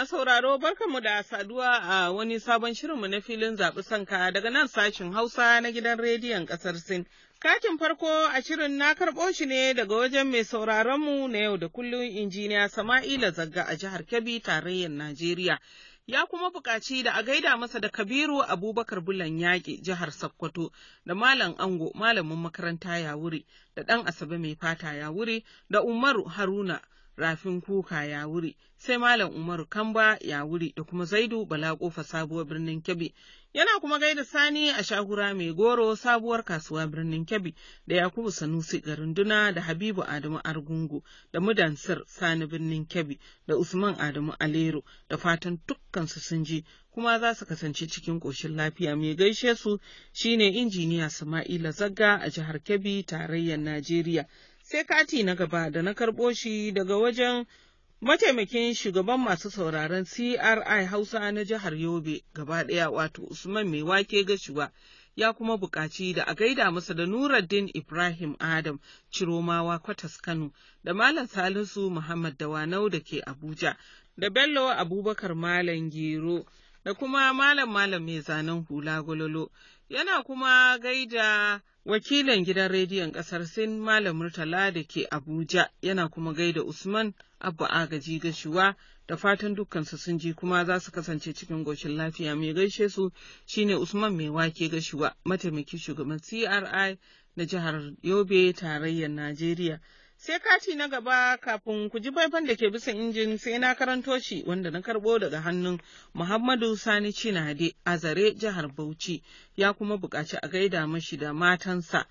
masu sauraro barkanmu da saduwa a wani sabon shirinmu na filin zaɓi sanka daga nan sashin Hausa na gidan rediyon ƙasar Sin. Katin farko a shirin na karɓo shi ne daga wajen mai sauraronmu na yau da kullum injiniya Sama'ila Zagga a jihar Kebbi tarayyar Najeriya. Ya kuma buƙaci da a gaida masa da Kabiru Abubakar Bulan Yaƙi jihar Sokoto da Malam Ango malamin makaranta ya wuri da ɗan Asabe mai fata ya wuri da Umaru Haruna Rafin Kuka ya wuri, sai Malam Umaru Kamba ya wuri da kuma Zaidu Bala Kofa sabuwar birnin Kebbi. Yana kuma gaida Sani a shahura mai goro sabuwar kasuwa birnin Kebbi da Yakubu Sanusi Garunduna da Habibu Adamu Argungu da Mudansir Sani birnin Kebbi da Usman Adamu Alero da fatan dukkansu sun ji kuma za su kasance cikin ƙoshin lafiya mai gaishe su shine injiniya Sama'ila Zagga a jihar Kebbi tarayyar Najeriya. sai kati na gaba da na karɓo shi daga wajen mataimakin shugaban masu sauraron CRI Hausa na jihar Yobe gaba ɗaya wato Usman mai wake gashuwa ya kuma buƙaci da a gaida masa da Nuruddin Ibrahim Adam Ciromawa Kwatas Kano da Malam Salisu Muhammad Dawanau da ke Abuja da Bello Abubakar Malam Gero da kuma Malam Malam mai zanen hula gololo yana kuma gaida wakilan gidan rediyon ƙasar Sin Malam Murtala da ke Abuja, yana kuma gaida Usman Abba Agaji Gashuwa da fatan dukkansu sun ji kuma za su kasance cikin goshin lafiya mai gaishe su shine Usman mai wake Gashuwa, mataimakin shugaban CRI na jihar Yobe tarayyar Najeriya. Sai kati na gaba kafin ku ji faifan da ke bisa injin sai na karanto shi wanda na karɓo daga hannun Muhammadu Sani Cinade a zare jihar Bauchi ya kuma buƙaci a gaida mashi da matansa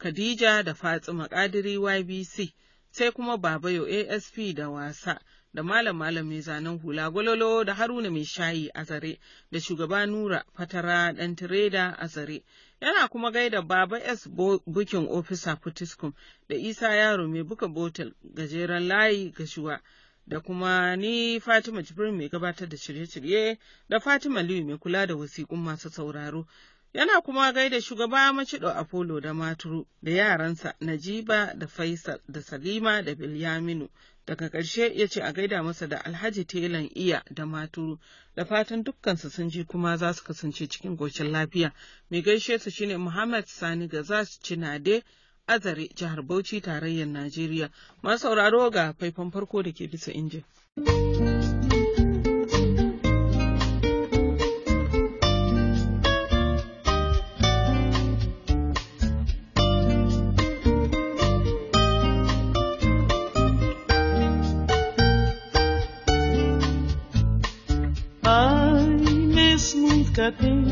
Khadija da Fatima Kadiri YBC sai kuma Babayo ASP da wasa da malam malam mai zanen hula gwalolo da haruna mai shayi a zare da shugaba nura fatara ɗan tireda a zare yana kuma gaida baba s bukin ofisa putiskum da isa yaro mai buka botal gajeren layi gashuwa da kuma ni fatima jibrin mai gabatar da shirye-shirye da fatima liyu mai kula da wasiƙun masu sauraro yana kuma gaida shugaba macido Apollo da Maturu da yaransa Najiba da Faisal da Salima da Bilyaminu Daga ƙarshe ya ce a gaida masa da Alhaji Telan Iya da Maturu, da fatan dukkansu sun ji kuma za su kasance cikin goshin lafiya. Mai gaishe su shine Muhammad Sani ga ci Cinade, Azare, Jihar Bauchi, Tarayyar Najeriya. Masu sauraro ga faifan farko da ke bisa injin. a quem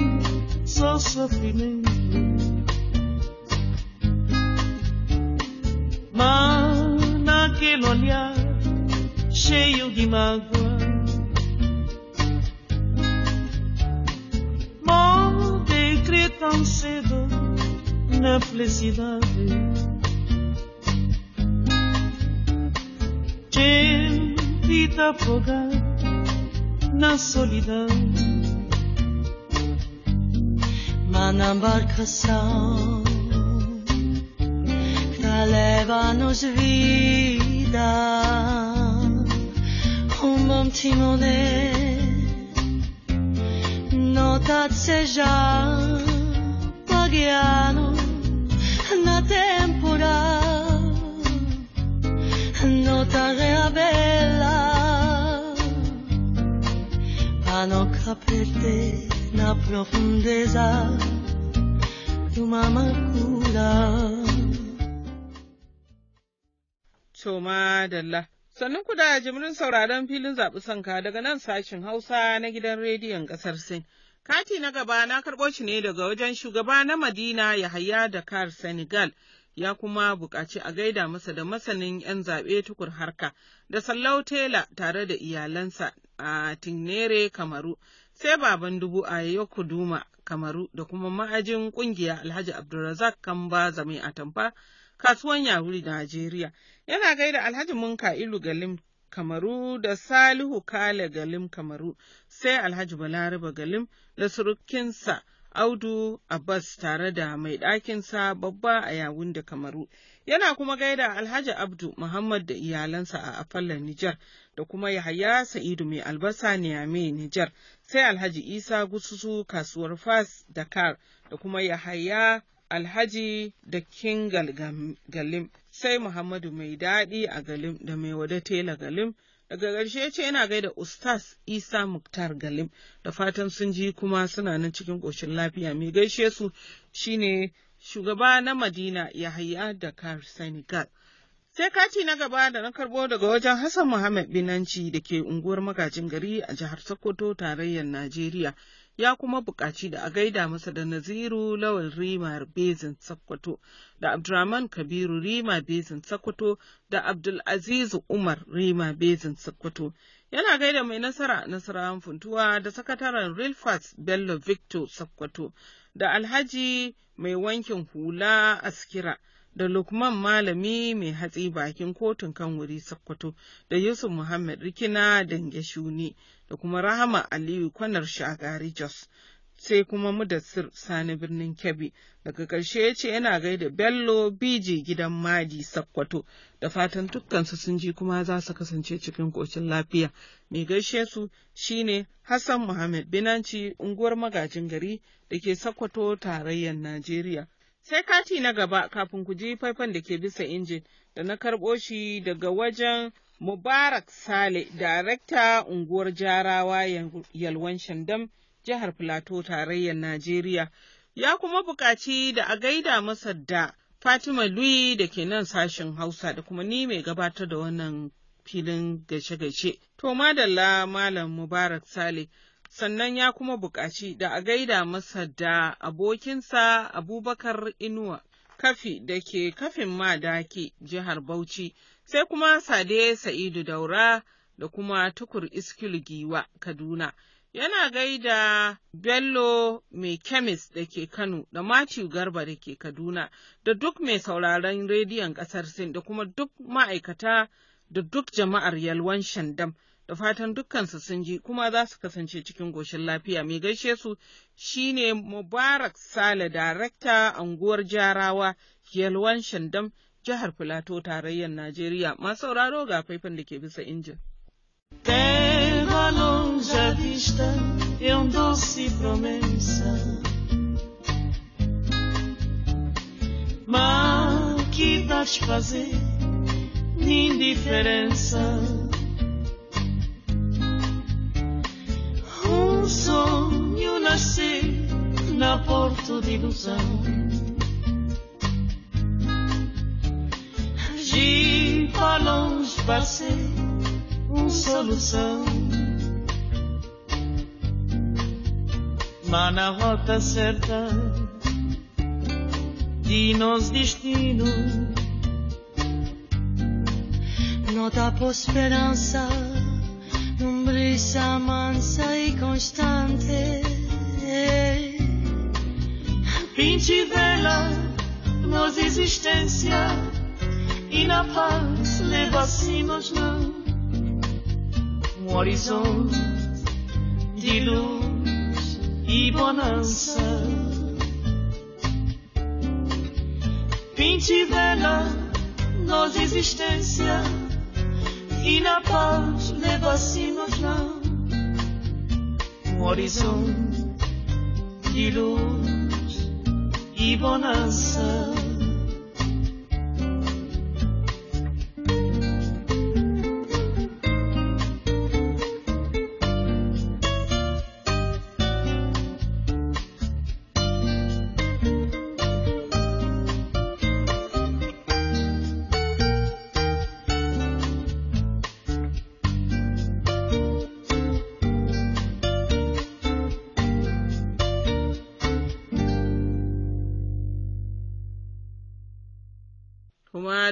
só sofrimento. Mas naquele olhar cheio de mágoa, morte crê tão cedo na felicidade. Te vida afogada na solidão na embarcação que leva-nos vida, um bom Nota de seja pagiano na temporal nota reabela a não perder na profundeza dumama kula. Sannan ku da jimirin sauraron filin zaɓi sanka daga nan sashin Hausa na gidan rediyon ƙasar Sin. Kati na gaba na karɓo shi ne daga wajen shugaba na Madina Yahaya Kar Senegal. Ya kuma buƙaci a gaida masa da masanin 'yan zaɓe tukur harka da Sallau Tela tare da iyalansa a Tignere Kamaru, sai baban dubu a kuduma Kamaru da kuma ma'ajin ƙungiya Alhaji Abdulrazak Kamba a tamfa kasuwan Yahuri Najeriya. Yana gaida Alhaji Munka Ilu Galim Kamaru da Salihu Kale Galim Kamaru sai Alhaji Balaraba Galim da surukinsa Audu Abbas tare da mai ɗakinsa babba a yawun da Kamaru. Yana kuma gaida Alhaji Abdu Muhammad da iyalansa a Afallar Nijar da kuma Yahaya Sa'idu mai albasa Niyame Nijar, sai Alhaji Isa Gususu kasuwar Fas Dakar da kuma Yahaya Alhaji da King Galim, sai Muhammadu mai daɗi a Galim da mai wada tela Galim. Daga ƙarshe ya ce yana gaida Ustaz Isa Muktar Galim da fatan sun ji kuma suna nan cikin ƙoshin lafiya mai gaishe su shine shugaba na Madina Yahaya kar Senegal. Sai kati na gaba da na karbo daga wajen Hassan Muhammad Binanci da ke unguwar magajin gari a jihar Sokoto tarayyar Najeriya. ya kuma buƙaci da a gaida masa da Naziru Lawal Rima Bezin Sakkwato da Abdulrahman Kabiru Rima Bezin Sakkwato da Abdulazizu Umar Rima Bezin Sakkwato. Yana gaida mai nasara Nasarawan Funtuwa da sakataren Rilfas Bello Victor Sakkwato da Alhaji mai wankin hula Askira da Lukman Malami mai hatsi bakin kotun kan wuri Sokoto da Yusuf Muhammad Rikina Dange Shuni da kuma Rahama Aliyu Kwanar Shagari Jos. Sai kuma Mudassir Sani birnin Kebbi daga ƙarshe ya ce yana gaida Bello Biji gidan Madi Sokoto da fatan dukkansu sun ji kuma za su kasance cikin ƙoshin lafiya. Mai gaishe su shine Hassan Muhammad Binanci unguwar magajin gari da ke Sokoto tarayyar Najeriya. sai kati na gaba kafin ku ji faifan da ke bisa injin da na karɓo shi daga wajen Mubarak Sale, Darekta unguwar Jarawa Yalwan Shandam, Jihar Filato, Tarayyar Najeriya, ya kuma buƙaci da a gaida masa da Fatima Lui da ke nan sashen Hausa da kuma ni mai gabatar da wannan filin gaishe-gaishe. To, madalla Malam Mubarak Sale. sannan ya kuma buƙaci da a gaida masa da abokinsa Abubakar Inuwa. Kafi da ke kafin madaki jihar Bauchi, sai kuma Sade Sa'idu Daura da kuma Tukur Iskil Giwa Kaduna. Yana gaida Bello mai kemis da ke Kano da Matthew Garba da ke Kaduna da duk mai sauraron rediyon ƙasar Sin da kuma duk ma'aikata da duk jama'ar Yalwan Shandam. da fatan dukkansu sun ji kuma za su kasance cikin goshin lafiya mai gaishe su shine Mubarak Sale darakta anguwar Jarawa Yelwan Shandam jihar Filato tarayyar Najeriya masu sauraro ga faifan da ke bisa injin. Mas que vais fazer? Indiferença. diferença. na porto de ilusão. De para longe passei um solução. Mas na rota certa de nosso destino, nota por esperança, num brisa mansa e constante. Pinte vela, nos existência e na paz levássemos lá um horizonte de luz e bonança. Pinte vela, nos existência e na paz levássemos lá um horizonte de luz y bonanza.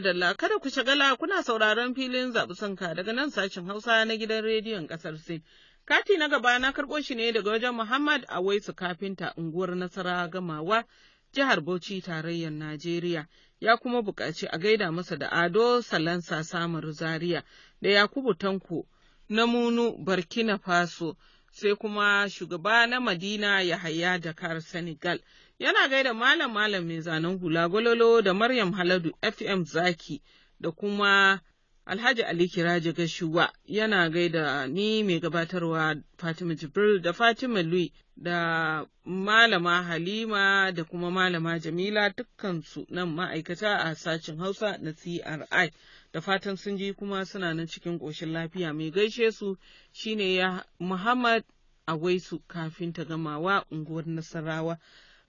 madalla kada ku shagala kuna sauraron filin zaɓi sanka daga nan sashen Hausa na gidan rediyon ƙasar Sin. Kati na gaba na karɓo shi ne daga wajen Muhammad Awaisu Kafinta unguwar Nasara Gamawa, jihar Bauchi tarayyar Najeriya. Ya kuma buƙaci a gaida masa da Ado Salansa Samar Zaria da Yakubu Tanko na Munu Burkina Faso sai kuma shugaba na Madina Yahaya Dakar Senegal. Yana gaida malam malam mai zanen hula gwalolo da Maryam Haladu FM Zaki da kuma Alhaji Ali Kiraji Gashuwa yana gaida ni mai gabatarwa Fatima Jibril da Fatima Lui da Malama Halima da kuma Malama Jamila dukkansu nan ma'aikata a sashen Hausa na CRI. Da fatan sun ji kuma suna nan cikin ƙoshin lafiya mai gaishe su shine ya Muhammad Awaisu kafin ta gamawa unguwar Nasarawa.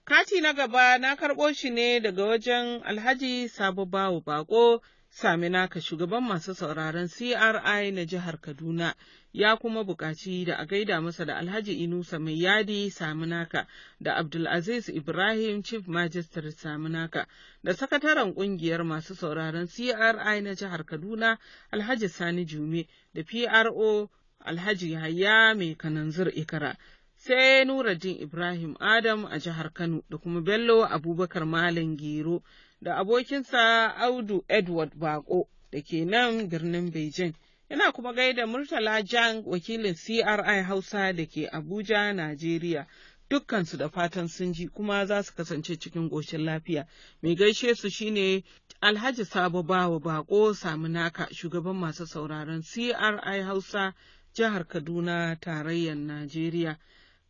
Kati na gaba na karɓo shi ne daga wajen Alhaji Sabo Bawo Bako Saminaka shugaban masu sauraron CRI na jihar Kaduna ya kuma buƙaci da a gaida masa da Alhaji Inusa Mai Yadi Saminaka da Abdulaziz Ibrahim Chief Magistrate Saminaka da sakataren ƙungiyar masu sauraron CRI na jihar Kaduna Alhaji Sani Jume da PRO Alhaji Yahaya Mai Kananzir Ikara sai Nura Nuruddin Ibrahim Adam a jihar Kano da kuma Bello Abubakar Malam Gero da abokinsa Audu Edward Bako da ke nan birnin Beijing. Yana kuma gaida Murtala Jang wakilin CRI Hausa da ke Abuja, Najeriya. Dukkansu da fatan sun ji kuma za su kasance cikin goshin lafiya. Mai gaishe su shine Alhaji Sabo Bawa Bako naka shugaban masu sauraron CRI Hausa, jihar Kaduna, tarayyar Najeriya.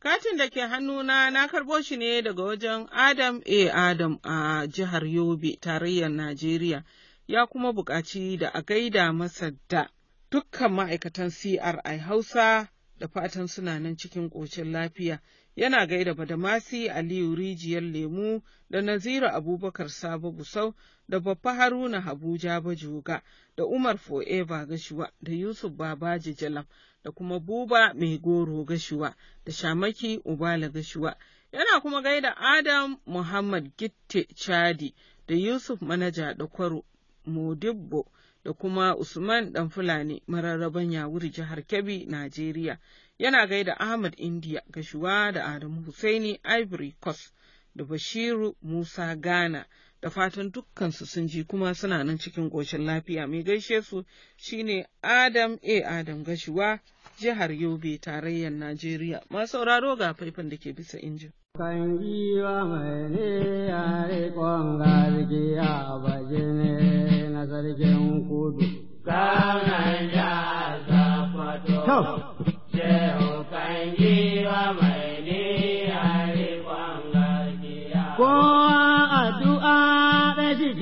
Katin da ke hannuna na karɓo shi ne daga wajen Adam A. Adam a jihar Yobe, tarayyar Najeriya, ya kuma buƙaci da a gaida masa da dukkan ma'aikatan CRI Hausa da fatan suna nan cikin ƙocin lafiya. Yana gaida Badamasi Aliyu Rijiyar Lemu da Naziru Abubakar Sabo Busau da Baffa Haruna Habuja Bajoga da Umar Fo'eva Gashuwa da Yusuf Babaji Jalam. da kuma Buba Mai Goro Gashuwa da Shamaki Ubala Gashuwa. Yana kuma gaida Adam Muhammad Gitte Chadi da Yusuf Manaja da Kwaro Modibbo da kuma Usman Dan Fulani mararraban Yawuri jihar Kebbi, Najeriya. Yana gaida Ahmad India Gashuwa da Adamu Hussaini, Ivory Coast da Bashiru Musa Ghana da fatan dukkansu sun ji kuma suna nan cikin ƙoshin lafiya mai gaishe su shine Adam A. Adam Gashuwa jihar Yobe tarayyar Najeriya masu sauraro ga faifan da ke bisa injin. Kan giwa mai ne yare gargi a baje ne na sarkin kudu. Kanan ya zafato, kan mai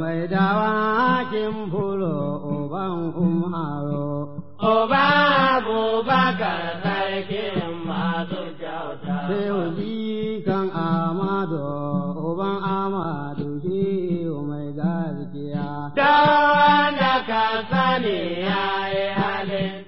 mai dawa kin fulo uban kumaro. Oba baka sarki masu kyauta. Sai waji kan Amado, uban Amado shi mai gaskiya. Da ka sani ya yi halin.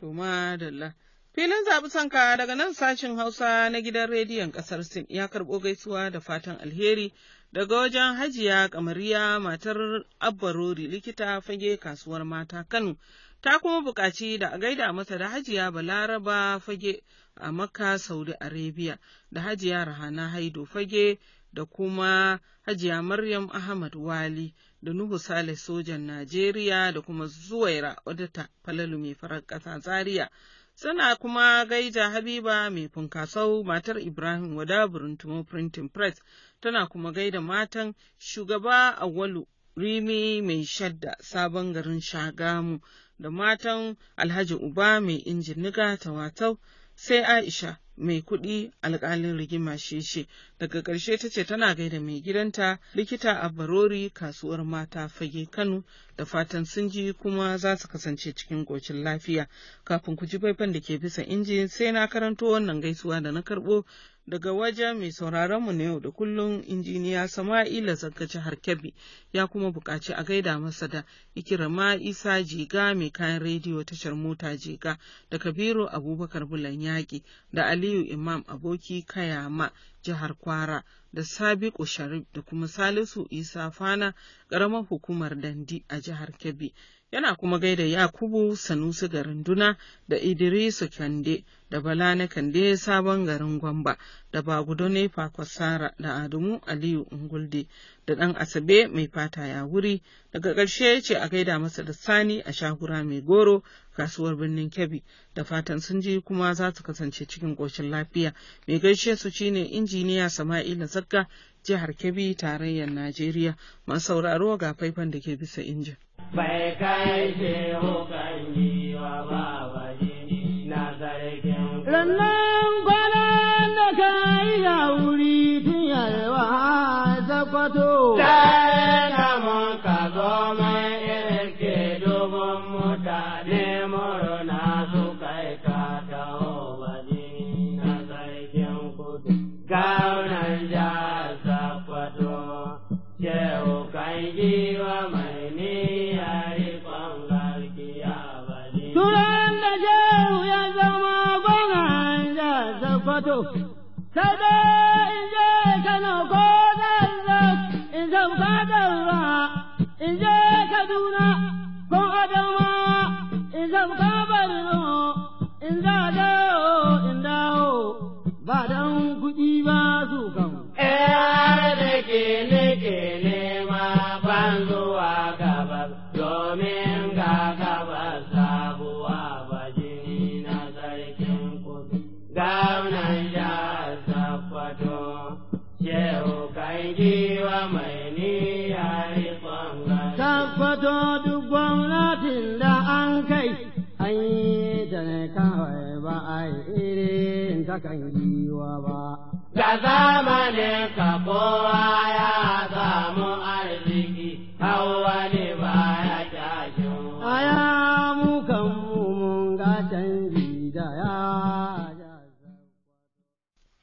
To madalla. Filin zaɓi sanka daga nan sashin Hausa na gidan rediyon ƙasar Sin ya karɓo gaisuwa da fatan alheri Daga wajen hajiya kamariya matar abbarori likita fage kasuwar mata Kano, ta kuma buƙaci da a gaida masa da hajiya balaraba fage a maka Saudi Arabia da hajiya Rahana Haido fage da kuma hajiya Maryam Ahmad Wali da Nuhu Saleh sojan Najeriya da kuma Zuwaira Odata Falalu mai farar ƙasa Zaria Suna kuma gaida Habiba mai funkasau matar Ibrahim wada Tumo Printing Press, tana kuma gaida matan shugaba Awalu Rimi mai shadda sabon garin Shagamu da matan Alhaji Uba mai injin ta watau sai Aisha mai kuɗi alƙalin rigima sheshe daga ƙarshe ta ce tana gaida mai gidanta likita a barori kasuwar mata fage kano da fatan sun ji kuma za su kasance cikin ƙocin lafiya kafin ku ji faifan da ke bisa inji sai na karanto wannan gaisuwa da na karɓo daga waje mai sauraron mu na yau da kullum injiniya Sama'ila Jihar Kebbi ya kuma buƙaci a gaida masa da ikirama Isa Jiga mai kayan rediyo tashar mota Jiga da Kabiru Abubakar Bulan Yaƙi da Aliyu Imam Aboki Kayama jihar Kwara da Sabiku Sharif da kuma Salisu Isa Fana ƙaramar hukumar Dandi a jihar Kebbi yana kuma gaida Yakubu Sanusi garin Duna da Idrisu Kande da Bala na Kande sabon garin Gwamba da Bagudone Fakwasara da Adamu Aliyu Ungulde da ɗan Asabe mai fata ya wuri daga ƙarshe ya ce a gaida masa da Sani a shahura mai goro kasuwar birnin Kebbi da fatan sun ji kuma za su kasance cikin ƙoshin lafiya mai gaishe su shine injiniya Sama'ila Zakka jihar Kebbi tarayyar Najeriya. Masu sauraro ga faifan da ke bisa injin. Bai kai shehu kan yi wa baba jini na zargin. Rannan kwana da kai wuri tun yarwa zakwato. sai inje Kano ko Kaduna ko Adama in ba dan kuɗi ba su ke ne nema ban zuwa gabas domin ga gabas yi giwa ba. Da zamanin ka kowa ya samu arziki, hawa ne ba ya tashi. Aya mu kan mun ga canji da ya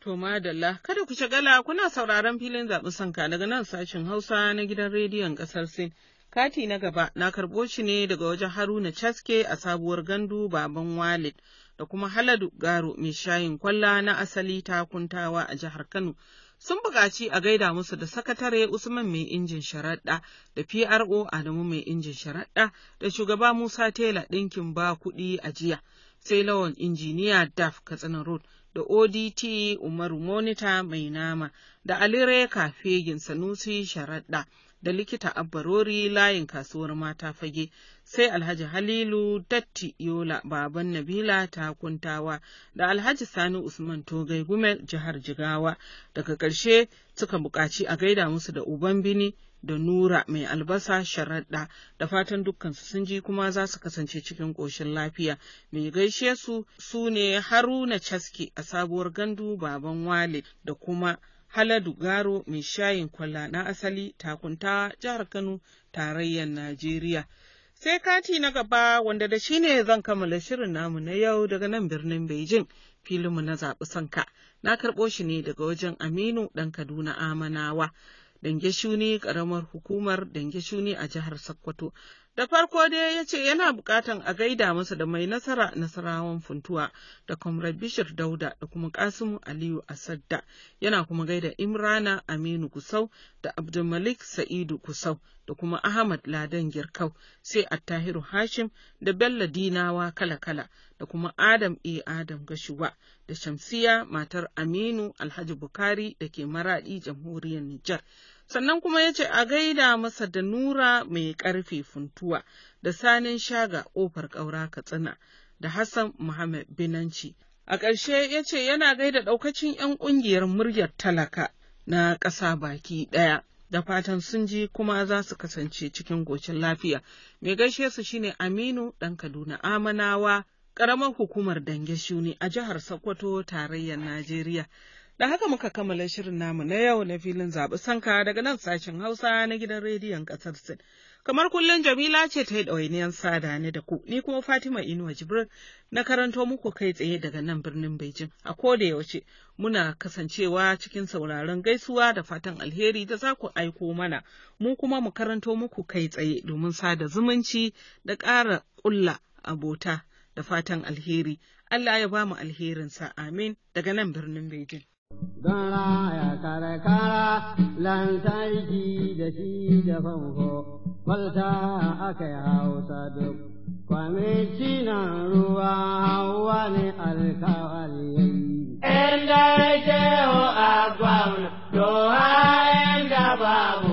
To madalla, kada ku shagala kuna sauraron filin zaɓi sanka daga nan sashen Hausa na gidan rediyon ƙasar Sin. Kati na gaba na karɓo shi ne daga wajen Haruna Caske a sabuwar gandu baban Walid da kuma Haladu Garo mai shayin kwalla na asali takuntawa a jihar Kano. Sun buƙaci a gaida musu da sakatare Usman mai injin sharaɗa da PRO Adamu mai injin sharaɗa da shugaba Musa Tela ɗinkin ba kuɗi a jiya. Sai lawan injiniya Daf Katsina Road da ODT Umaru Monita mai nama da Alireka Fegin Sanusi sharaɗa. da likita abbarori layin kasuwar mata fage sai alhaji halilu datti yola baban nabila ta kuntawa da alhaji sani usman togai gumel jihar jigawa daga ƙarshe suka buƙaci a gaida musu da uban bini da nura mai albasa sharaɗa da fatan dukkansu sun ji kuma za su kasance cikin ƙoshin lafiya mai gaishe su su ne haruna Chaski, a sabuwar gandu baban wale da kuma Haladu Garo mai shayin kwalla na asali takunta jihar Kano tarayyar Najeriya. Sai kati na gaba wanda da shi ne zan kammala shirin namu na yau daga nan birnin Beijing filinmu na zaɓi sanka. Na karɓo shi ne daga wajen Aminu ɗan Kaduna Amanawa. Dange shuni ƙaramar hukumar Dange shuni a jihar Sokoto. Da farko dai ya ce yana bukatan a gaida masa da mai nasara nasarawan funtuwa da Comrade Bishir Dauda da kuma Kasimu Aliyu Asadda yana kuma gaida Imrana Aminu Kusau da Abdulmalik Sa'idu Kusau da kuma Ahmad Ladan Girkau sai Attahiru Hashim da Bello Dinawa kala-kala da kuma Adam E. Adam Gashuwa da Shamsiya matar Aminu Alhaji Bukari da ke Maradi jamhuriyar Nijar sannan kuma ya ce a gaida masa da nura mai ƙarfe funtuwa da sanin shaga ƙofar ƙaura katsina da hassan muhammad binanci a ƙarshe ya ce yana gaida ɗaukacin 'yan ƙungiyar muryar talaka na ƙasa baki ɗaya da fatan sun ji kuma za su kasance cikin gocin lafiya mai gaishe su shine aminu ɗan kaduna amanawa ƙaramar hukumar dange shuni a jihar sokoto tarayyar najeriya Da haka muka kammala shirin namu na yau na filin zaɓi sanka daga nan sashen Hausa na gidan rediyon ƙasar Sin. Kamar kullum Jamila ce ta yi ɗawainiyar sada ne da ku, ni kuma Fatima Inuwa Jibril na karanto muku kai tsaye daga nan birnin Bejin. A ko koda yaushe muna kasancewa cikin sauraron gaisuwa da fatan alheri da za ku aiko mana, mu kuma mu karanto muku kai tsaye domin sada zumunci da ƙara ƙulla abota da fatan alheri. Allah ya ba mu alherinsa, amin, daga nan birnin Bejin. don raya karkara lantarki da shi da famfo falta aka hausa duk kwamitinan ruwa hauwa ne alkawari yayi. Inda ya agwamna, to ha inda babu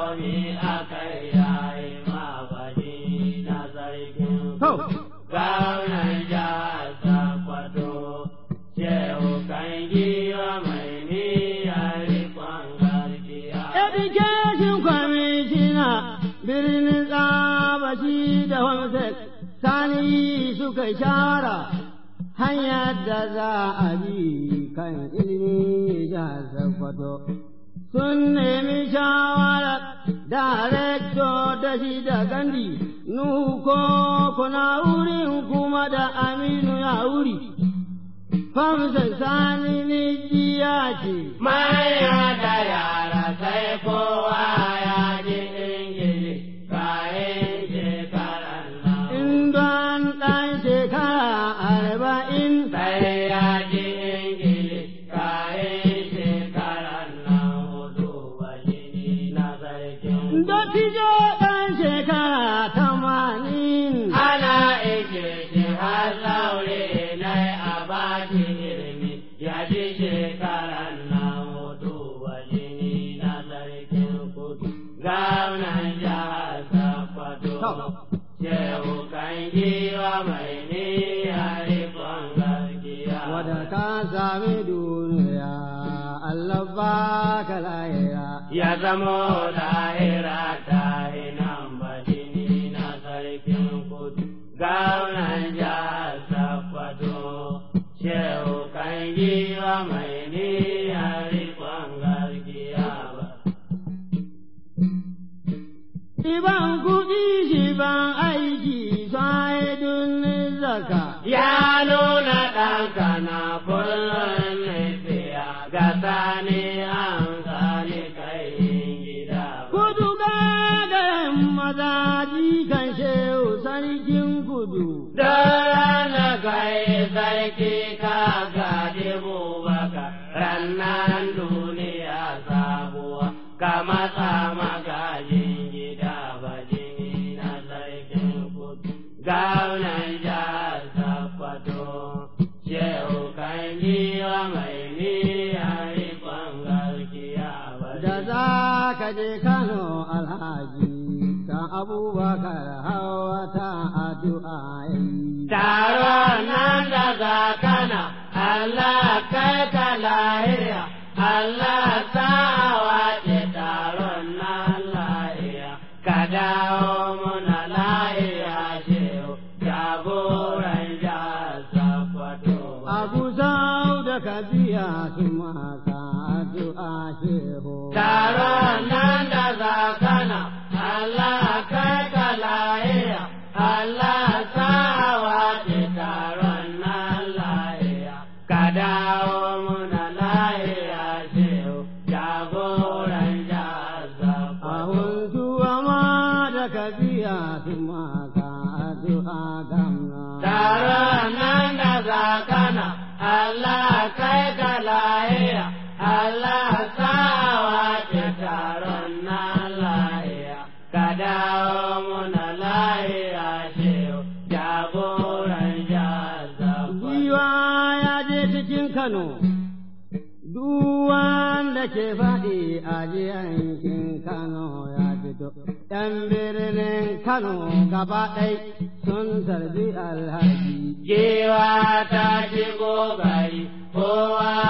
suka shara hanyar da za a bi kan ilimi ya sakwato. Sun nemi shawara darekto da shi da gandi, nuko kuna wurin kuma da aminu ya wuri. Famsa sani ni jiya ce, Mai da yara sai kowa ka ya zamo lahira ta hinan batini na sarkin kudu gaunan ja sakwato shehu kan yi wa mai niyyar kwangar giya ba. Iban kuɗi shi ban aiki sa'idun zaka ya nuna ɗanka na kullum sarki ka gaji bubaka rannan duniya sabuwa ka matsa magajin gida bajini na sarkin kudu gaunan jihar sakwato shehu kan giwa mai niyyar rikon garkiya ba da za ka je kano alhaji ka abubakar Allah ka Allah gaba ɗai sun zargi alhaji. Gewa ta shigo bari kowa